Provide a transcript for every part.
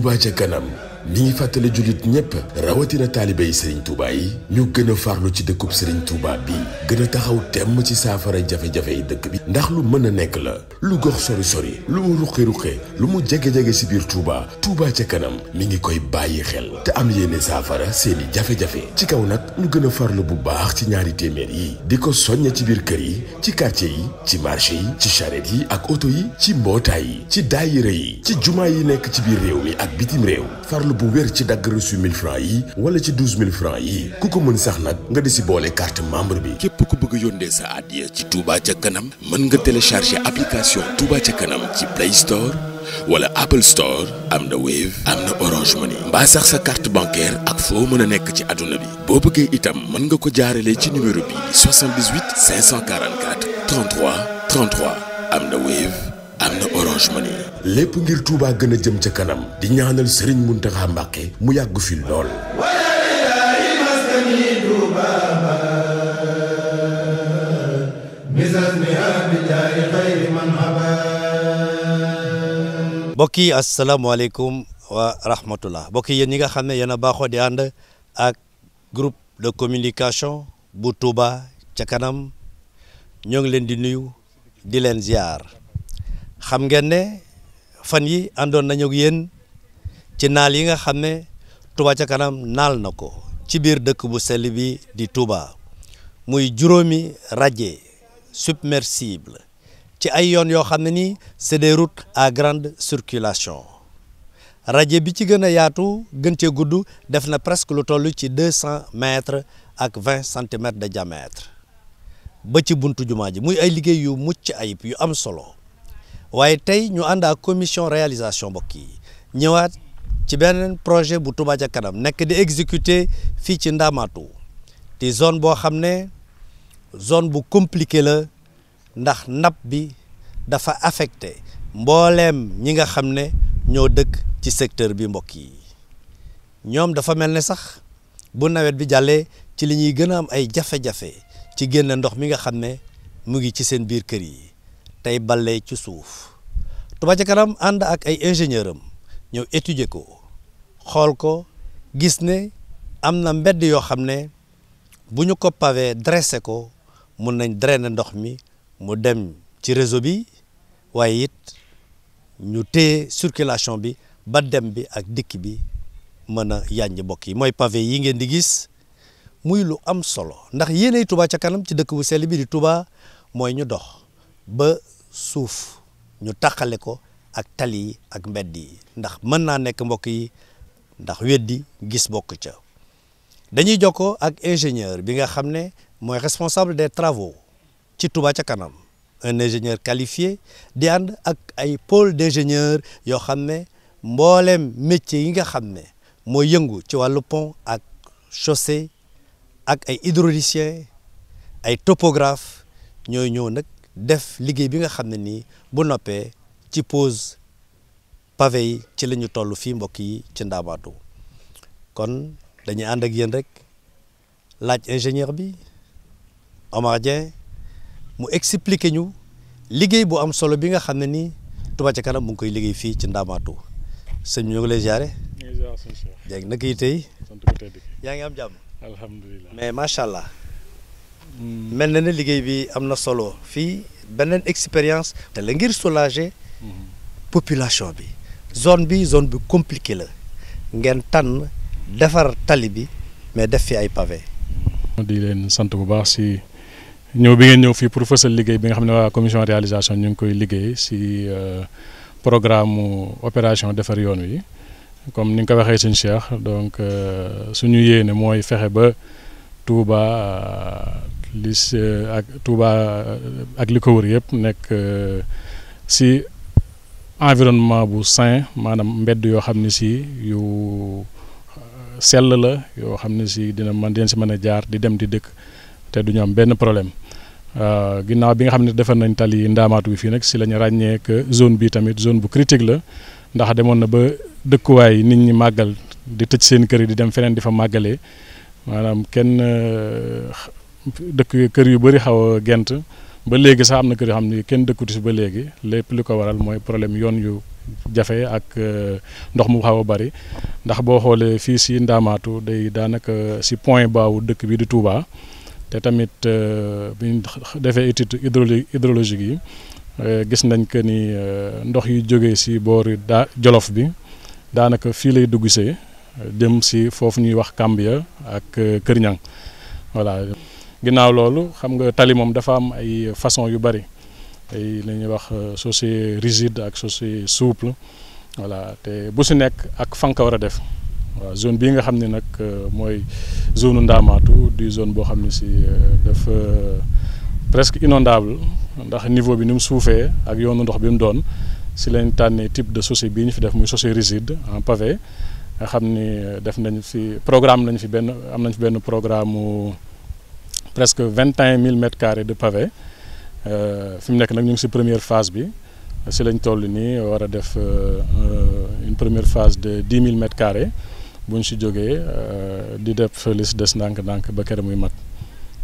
Touba ca kanam mi ngi fàttale jullit ñépp rawatina taalibe yi Serigne yi ñu gën a farlu ci dëkkub Serigne Touba bi gën a taxaw temm ci saafara jafe-jafe yi dëkk bi ndax lu mën a nekk la lu gox sori-sori lu mu ruqi-ruqi lu mu jege-jege si biir Touba Touba ca kanam mi ngi koy bàyyi xel te am yéene saafara seeni jafe-jafe ci kaw nag ñu gën a farlu bu baax ci ñaari téeméer yi di ko soñña ci biir kër yi ci quartier yi ci marché yi ci charrette yi ak oto yi ci mbootaay yi ci daayira yi ci jumaa yi nekk ci biir réew mi ak bitim réew tànn bu wér ci dagg francs yi wala ci 12000 francs yi ku ko mën sax nag nga di si boole carte membre bi képp ku bëgg a yónnee sa addiya ci Touba ca kanam mën nga télécharger application Touba ca kanam ci Play Store wala Apple Store am na Wave am na Orange Money sax sa carte bancaire ak foo mën a nekk ci àdduna bi boo bëggee itam mën nga ko jaaralee ci numéro bii 78 544 33 33 am na Wave am na orange lépp ngir tuuba gën a jëm ca kanam di ñaanal Serigne Mountakha Mbacké mu yàgg fi lool. mbokk yi asalaamaaleykum wa rahmatullah mbokk yen ñi nga xam ne yéen a baaxoo di ànd ak groupe de communication bu Touba ca kanam ñoo ngi leen di nuyu di leen ziar. xam ngeen ne fan yi àndoon nañu ak yéen ci naal yi nga xam ne Touba ca kanam naal na ko ci biir dëkk bu sell bi di Touba muy juróomi radier submersible ci ay yoon yoo xam ne ni c'est des routes à grande circulation radier bi ci gën a yaatu gën cee gudd def na presque lu toll ci deux cent mètres ak vingt centimètres de diamètre ba ci buntu jumaa ji muy ay liggéey yu mucc ayib yu am solo waaye tey ñu ànd ak commission réalisation mbokk yi ñëwaat ci beneen projet bu Touba ca kanam nekk di exécuter fii ci Ndamatu ti zone boo xam ne zone bu compliqué la ndax napp bi dafa affecté mbooleem ñi nga xam ne ñoo dëkk ci secteur bi mbokk yi ñoom dafa mel ne sax bu nawet bi jàllee ci li ñuy gën a am ay jafe-jafe ci génn ndox mi nga xam ne mu ngi ci seen biir kër yi tey bale ci suuf Touba ca kanam ànd ak ay ingénieur am ñëw étudier ko xool ko gis ne am na mbedd yoo xam ne bu ñu ko pavé dressé ko mun nañ drainer ndox mi mu dem ci réseau bi waaye it ñu téye circulation bi ba dem bi ak dikk bi mën a yàññ mbokk yi mooy pavé yi ngeen di gis muy lu am solo ndax yéenay Touba ca kanam ci dëkk bu sell bi di Touba mooy ñu dox ba suuf ñu taqale ko ak tali ak mbedd ndax mën naa nekk mbokk yi ndax weddi gis bokk ca dañuy jokkoo ak ingénieur bi nga xam ne mooy responsable des travaux ci Touba ca kanam un ingénieur qualifié di ànd ak ay pôle d'ingénieur yoo xam ne mboolem métier yi nga xam ne mooy yëngu ci wàllu pont ak chaussée ak ay hydraulicien ay topographe ñooy ñëw nag def liggéey bi nga xam ne nii bu noppee ci pose pavé ci lañu ñu toll fii mbokk yi ci ndaamaatu kon dañuy ànd ak yéen rek laaj ingénieur bi Omar mu expliquer ñu liggéey bu am solo bi nga xam ne nii Touba ca kanam mu ngi koy liggéey fii ci ndaamaatu sëñ bi ñu ngi lay ziare. ñu ngi ziare sëñ yaa ngi am jàmm. alhamdulilah mais macha allah. mel na ne liggéey bi am na solo fii beneen expérience te la ngir soulager population bi zone bi zone bi compliquée la ngeen tànn defar tali bi mais def fi ay pavé di leen sant bu baax si ñëw bi ngeen ñëw fii pour fësal liggéey bi nga xam ne waa commission réalisation ñu ngi koy liggéey si euh, programme opération defar yoon wi comme ni nga ko waxee suñu Cheikh donc euh, suñu yéene mooy fexe ba Touba euh, li si eh, ak Touba eh, ak li ko wër yëpp nekk eh, si environnement bu sain maanaam mbedd yoo xam ne si yu sell la yoo xam ne si dina mën dinañ si mën a jaar di dem di dëkk te du ñu am benn problème ginnaaw bi nga xam ne defar nañ tali ndaamaatu bi fii nag si lañu ñu zone bi tamit zone bu critique la ndax demoon na ba dëkkuwaay nit ñi màggal di tëj seen kër yi di dem feneen di fa màggalee maanaam kenn dëkk kër yu bëri xaw a gent ba léegi sax am na kër yoo xam ne kenn dëkkutu si ba léegi lépp li ko waral mooy problème yoon yu jafe ak euh, ndox mu xaw a bari ndax boo xoolee fii si Ndaamaatu day daanaka si point baawu dëkk bi di Touba te tamit euh, bu ñu defee étude hydrologique hydrologique yi euh, gis nañ que ni ndox yi jóge si boori daa Jolof bi daanaka fii lay dugg se jëm si foofu ñuy wax Kambia ak Kër Ñang voilà. ginnaaw loolu xam nga tali moom dafa am ay façon yu bëri ay la ñuy wax chaussée euh, rigide ak chaussée souple voilà te bu si nekk ak fan ka war a def waaw zone bii nga xam ni nag euh, mooy zone u Ndaamaatu di zone boo xam ne si euh, dafa presque inondable ndax niveau bi ni mu suufee ak yoonu ndox bi mu doon si lañ tànnee type de chaussée bii ñu fi def muy chaussée rigide en pavé nga xam ni def nañu fi programme nañ fi benn am nañ fi benn programme presque vingt et un mille mètres carrés de pavé euh, fi mu nekk nag ñu ngi si première phase bi si lañ toll nii euh, war a def euh, une première phase de dix mille mètres carrés bu ñu si jógee di def li si des ndànk-ndànk ba kër muy mat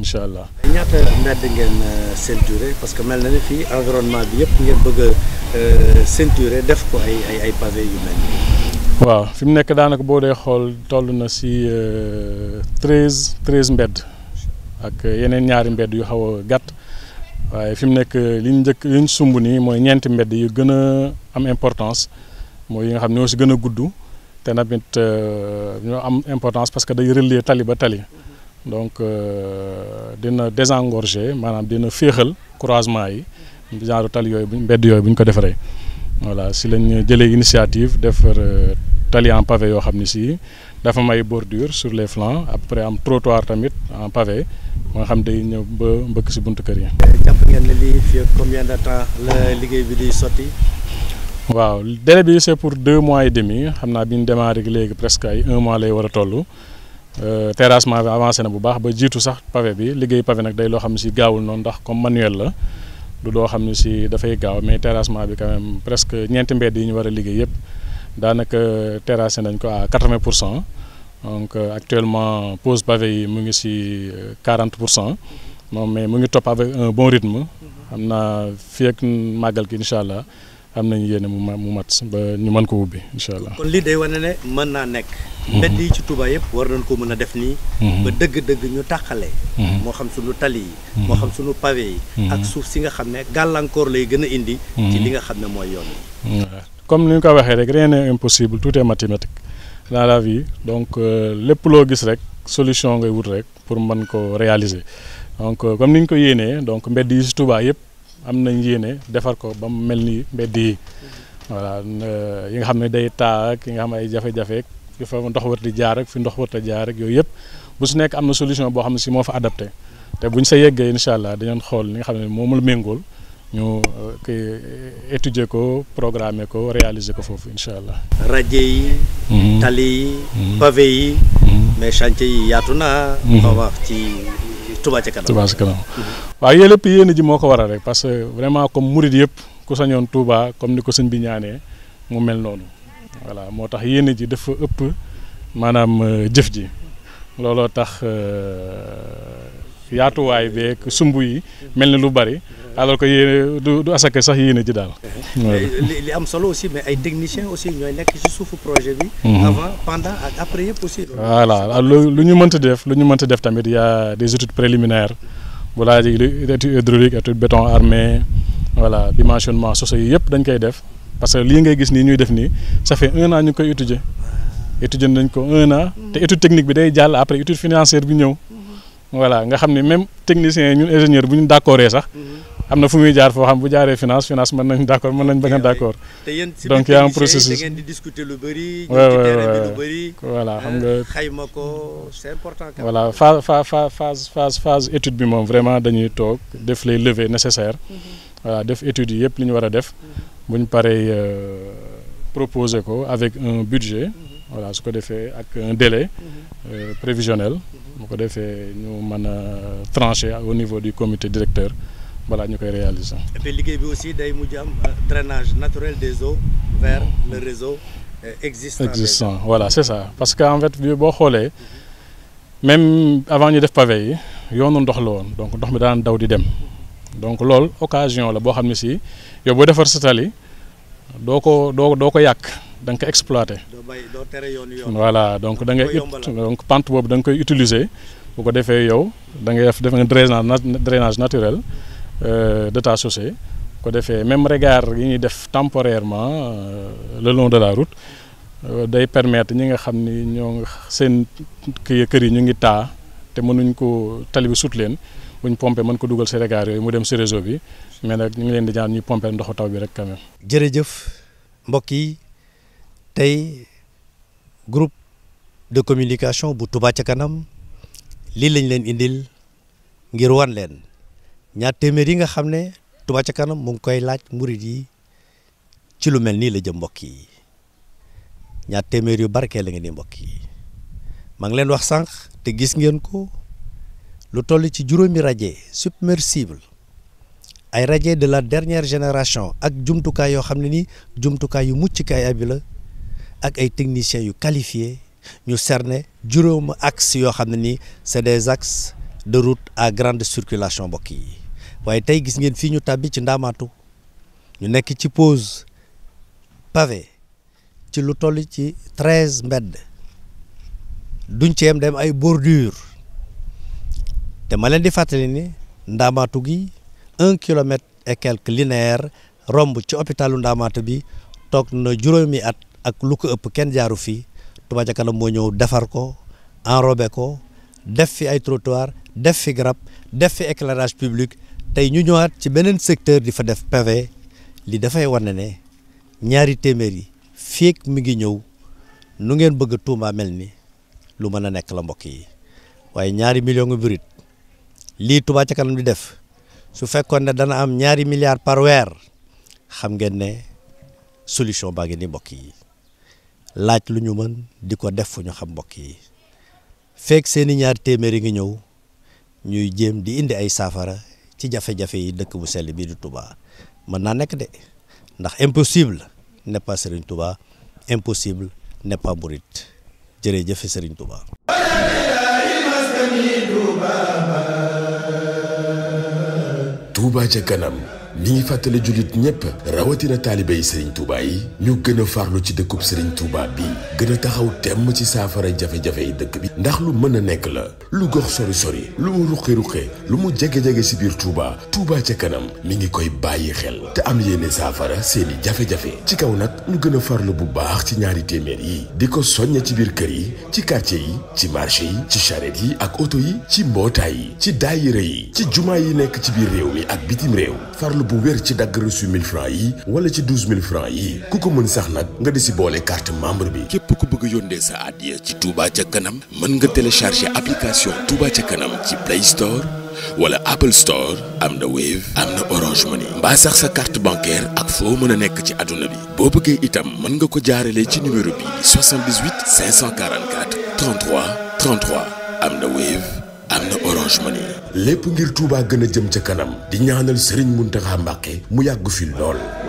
incha allah. ñaata mbedd ngeen ceinturer parce que mel na ni fii environnement bi yëpp ngeen bëgg a def ko ay pavé yu mel waaw fi mu nekk daanaka boo dee xool toll na si treize treize mbedd. ak yeneen ñaari mbedd yu xaw a gàtt waaye fi mu nekk li njëkk li sumb nii mooy ñeenti mbedd yu gën a am importance mooy yi nga xam ñoo si gën a gudd te tamit euh, ñoo am importance parce que day relier tali ba tali donc euh, dina désengorger maanaam dina féexal croisement yi genre tali yooyu bu ñu mbedd yooyu bu ñu ko defaree voilà si lañ jëlee initiative defar. Euh, tali en pavé yoo xam ne si dafa may bordure sur les flancs après am trottoir tamit en pavé moo xam day ñëw ba mbëkk si buntu kër yi. jàpp ngeen ne lii fii combien waaw délai bi c'est pour deux mois et demi xam naa bi ñu démarré léegi presque ay un mois lay war a toll euh, terrassement bi avancé na bu baax ba jiitu sax pavé bi liggéey pavé nag day loo xam ne si gaawul noonu ndax comme manuel la du loo xam ne si dafay gaaw mais terrassement bi quand presque ñeenti mbedd yi ñu war a liggéey yëpp. daanaka terrassé nañ ko à quatre pour cent donc euh, actuellement pose pavé yi mu ngi si euh, quarante pour cent moom mais mu ngi topp avec un bon rythme am naa fii ak màggal gi incha allah am nañu yéene mu ma mu mat ba ñu man ko ubbi incha allah. kon lii day wane ne mën naa nekk. Mhm. mbedd yi ci tubaay yëpp war nañ ko mën a def nii. Mhm. ba dëgg-dëgg ñu tàqale. Mhm. moo xam sunu tali yi. moo xam sunu pavé yi. ak suuf si nga xam ne gàllankoor lay gën a indi. ci li nga xam ne mooy yoon comme ni ñu ko waxee rek rien n'est impossible tout est la la vie donc euh, lépp loo gis rek solution ngay wut rek pour man ko réaliser donc euh, comme ni ñu ko yéenee donc mbedd yi si Touba yëpp am nañ yéene defar ko ba mu mel nii mbedd yi voilà euh, yi nga xam ne day taa ak yi nga xam ay jafe-jafe fi fa ndox war di jaar ak fi ndox war jaar ak yooyu yëpp bu su nekk am na solution boo xam ne si moo fa adapté te buñ sa yeggee incha allah dañoon xool li nga xam ne moomul méngool ñu euh, euh, étudier ko programmer ko réaliser ko foofu incha allah. rajo yi. Mhm. tali yi. Mhm. pavé yi. Mhm. mais chantier yi yaatu naa. ma wax ci Touba ca kanam. Touba ca waaw yooyu lépp yéen ji moo ko waral rek parce que vraiment comme murid yëpp ku sañoon Touba comme ni ko sëñ bi ñaanee mu mel noonu voilà moo tax yéen ji dafa ëpp maanaam euh, jëf ji looloo tax. yaatuwaay beeg sumbu yi mel ni lu bari alors que yéen du du asaka sax yéen a ji daal. li am solo aussi mais ay techniciens aussi ñooy nekk ci suufu projet bi. Mhm. avant pendant ak après lu ñu mënta def lu ñu mënta def tamit y a des études préliminaires bu laa ji étude hydraulique étude béton armé voilà dimensionnement soso yi yëpp dañ koy def parce que lii ngay gis nii ñuy def nii ça fait un an ñu koy étudier ah. étudier nañ ko un an mm. te étude technique bi day jàll après étude financière bi ñëw. Mm. voilà nga xam ne même technicien yi ñun ingénieur bu ñu d' accordee sax mhm. am na fu muy jaar foo xam bu jaaree finance finance mën nañ d' mën nañ bañ a eh d' accord donc y a un processus da xam euh, nga xayma ko c'est important voilà phase phase phase phase étude bi moom vraiment dañuy toog def les levées nécessaires mhm. voilà def études yi yëpp li ñu war a def mhm. bu ñu paree euh, proposer ko avec un budget voilà su ko defee ak un délai euh, prévisionnel bu ko defee ñu mën a trancher au niveau du commité directeur balaa ñu koy réaliser. et puis bi aussi day mujj am euh, drainage naturel des eaux vers oh. le réseau euh, existant. existant c'est ça parce que en fait bi boo xoolee même avant ñu def pavé yi yoonu ndox la woon donc ndox mi daan daw di dem donc loolu occasion la boo xam ne si yow boo defar sa doo ko doo ko yàq. da nga ko exploité voilà donc da ngay donc pente boobu da nga koy utiliser bu ko defee yow da ngay def nga drainage drainage naturel euh, de ta chaussée bu ko defee même regard yi ñuy def temporairement euh, le long de la route euh, day permettre ñi nga xam ni ñoo nga seen kii kër yi ñu ngi taa te mënuñ ko tali bi sut leen buñ pompé mën ko dugal si regard yooyu mu dem si réseau bi mais nag ñu ngi leen di ñaan ñuy pompé ndoxu taw bi rek quand même. jëf mbokk yi. tey groupe de communication bu Touba ca kanam lii lañ leen indil ngir wan leen ñaar téeméer yi nga xam ne Touba ca kanam mu ngi koy laaj murit yi ci lu mel nii la jëm mbokk yi ñaar téeméer yu barkee la nga ni mbokk yi maa ngi leen wax sànq te gis ngeen ko lu toll ci juróomi rajo submersible ay rajo de la dernière génération ak jumtukaay yoo xam ne nii jumtukaay yu mucc kaay abi la ak ay techniciens yu qualifiés ñu cerner juróom axe yoo xam ne nii c'est des axes de route à grande circulation mbokk yi waaye tey gis ngeen fii ñu tàbbi ci ndaamaatu ñu nekk ci pause pavé ci lu toll ci treize mbedd duñ ci yem dem ay bordure te ma leen di fàttali ni ndaamaatu gi un kilomètre et quelques linéaire romb ci hôpitalu ndaamaatu bi toog na juróomi at ak lu ko ëpp kenn jaaru fii Touba ca moo ñëw defar ko enrobé ko def fi ay trottoir def fi garab def fi éclairage public tey ñu ñëwaat ci beneen secteur di fa def pavé li dafay wane ne ñaari téeméer yi feek mi ngi ñëw nu ngeen bëgg Touba mel ni lu mën a nekk la mbokk yi waaye ñaari million ngu brut lii Touba di def su fekkoon ne dana am ñaari milliards par weer xam ngeen ne solution baa ngi ni mbokk yi laaj lu ñu mën di ko def fu ñu xam mbokk yi feek seeni ñaar téeméer téeméeri ngi ñëw ñuy jéem di indi ay saafara ci jafe-jafe yi dëkk bu sell bii di Touba mën naa nekk de ndax impossible n'est pas Serigne Touba impossible n'est pas Mouride jërëjëf Serigne Touba. Touba ca ñi ngi fàttale jullit ñépp rawatina taalibe yi Serigne yi ñu gën a farlu ci dëkku Serigne Touba bi gën a taxaw temm ci saafara jafe-jafe yi dëkk bi ndax lu mën a nekk la lu gox sori-sori lu mu ruqi-ruqi lu mu jege-jege si biir Touba tuubaa ca kanam mi ngi koy bàyyi xel te am yéene saafara seeni jafe-jafe ci kaw nag ñu gën a farlu bu baax ci ñaari téeméer yi di ko soñña ci biir kër yi ci quartier yi ci marché yi ci charrette yi ak oto yi ci mbootaay yi ci daayira yi ci jumaa yi nekk ci biir réew mi ak bitim réew tànn bu wér ci dagg francs yi wala ci 12000 francs yi ku ko mën sax nag nga di si boole carte membre bi képp ku bëgg yóndee sa addiya ci Touba ca kanam mën nga télécharger application Touba ca kanam ci Play Store wala Apple Store am na Wave am na Orange Money sax sa carte bancaire ak foo mën a nekk ci àdduna bi boo bëggee itam mën nga ko jaaralee ci numéro bii 78 544 33 33 am na Wave am lépp ngir tuubaa gën a jëm ca kanam di ñaanal Serigne Mountakha Mbacké mu yàgg fi lool.